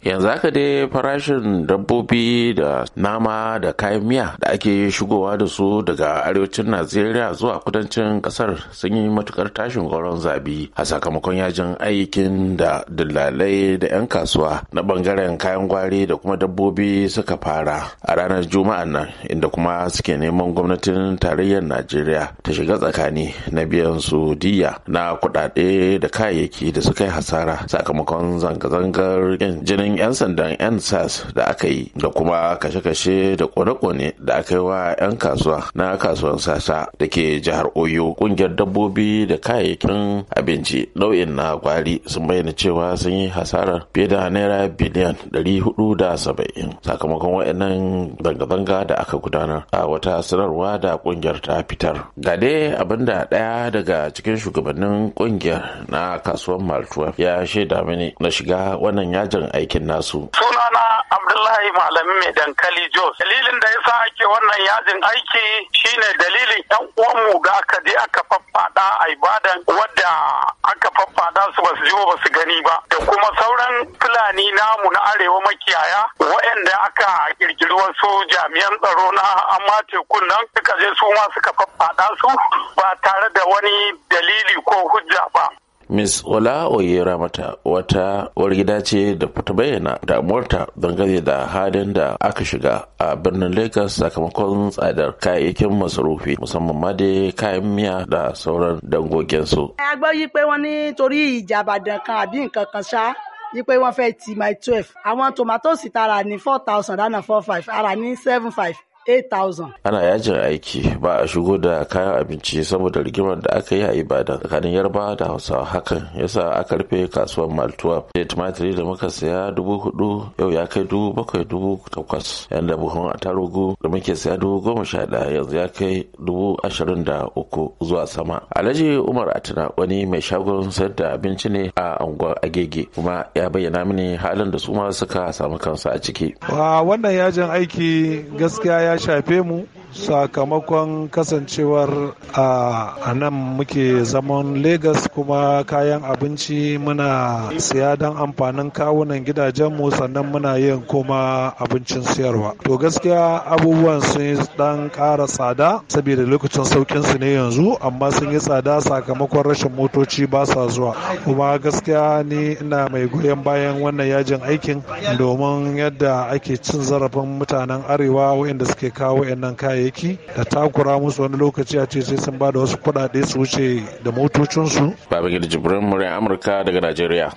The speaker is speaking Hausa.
yanzu haka dai farashin dabbobi da nama da kayan miya da ake shigowa da su daga arewacin najeriya zuwa kudancin kasar sun yi matukar tashin goron zabi a sakamakon yajin aikin da dillalai da 'yan kasuwa na bangaren kayan gwari da kuma dabbobi suka fara a ranar juma'a nan inda kuma suke neman gwamnatin tarayyar najeriya ta shiga tsakani na biyan su diya na kudade da kayayyaki da suka yi hasara sakamakon zanga-zangar jinin harbin 'yan sandan 'yan sas da aka yi da kuma kashe-kashe da kone-kone da aka yi wa 'yan kasuwa na kasuwar sasa da ke jihar oyo kungiyar dabbobi da kayayyakin abinci nau'in na kwari sun bayyana cewa sun yi hasarar fiye da naira biliyan 470 sakamakon waɗannan zanga-zanga da aka gudanar a wata sanarwa da kungiyar ta fitar ga dai abinda ɗaya daga cikin shugabannin kungiyar na kasuwar maltuwa ya shaida mini na shiga wannan yajin aikin aikin nasu. Sunana Abdullahi Malami mai dankali Jos. Dalilin da ya yasa ake wannan yajin aiki shine dalilin yan uwanmu ga aka je aka faffada a Ibadan wadda aka faffada su basu ba su gani ba da kuma sauran Fulani namu na arewa makiyaya waɗanda aka kirkiri wasu jami'an tsaro na amma tekun nan suka je su ma suka faffada su ba tare da wani dalili ko hujja ba. Miss Ola Oyera mata wata uwar gida ce da ta bayyana damuwarta dangane da halin da aka shiga a birnin Lagos sakamakon tsadar kayayyakin masarufi musamman ma dai kayan miya da sauran dangogin su. Ya gbọ́ yi pé wọ́n ní torí ìjà kan àbí nǹkan kan ṣá yí pé wọ́n fẹ́ ti my twelve. Àwọn tòmátòsì tara ní four thousand four five ara ní seven five. 8,000. Ana yajin aiki ba a shigo da kayan abinci saboda rigimar da aka yi a Ibadan tsakanin Yarba da Hausawa hakan yasa aka rufe kasuwar Maltuwa. Sai tumatiri da muka saya dubu hudu yau ya kai dubu bakwai dubu takwas. Yan buhun attarugu da muke saya dubu goma sha daya yanzu ya kai dubu ashirin da uku zuwa sama. Alhaji Umar Atina wani mai shagon sayar da abinci ne a unguwar Agege kuma ya bayyana mini halin da su ma suka samu kansu a ciki. Wannan yajin aiki gaskiya ya Şaşa sakamakon kasancewar a nan muke zaman Legas kuma kayan abinci muna siya don amfanin kawunan gidajenmu sannan muna yin kuma abincin siyarwa. To gaskiya abubuwan sun yi dan ƙara tsada saboda lokacin saukin su ne yanzu amma sun yi tsada sakamakon rashin motoci ba sa zuwa. Kuma gaskiya ni ina mai goyon bayan wannan yajin aikin domin yadda ake cin zarafin mutanen arewa waɗanda suke kawo kayan kayayyaki da takura musu wani lokaci a ce sai sun ba da wasu kuɗaɗe su wuce da motocinsu. Babangida Jibrin murya Amurka daga Najeriya.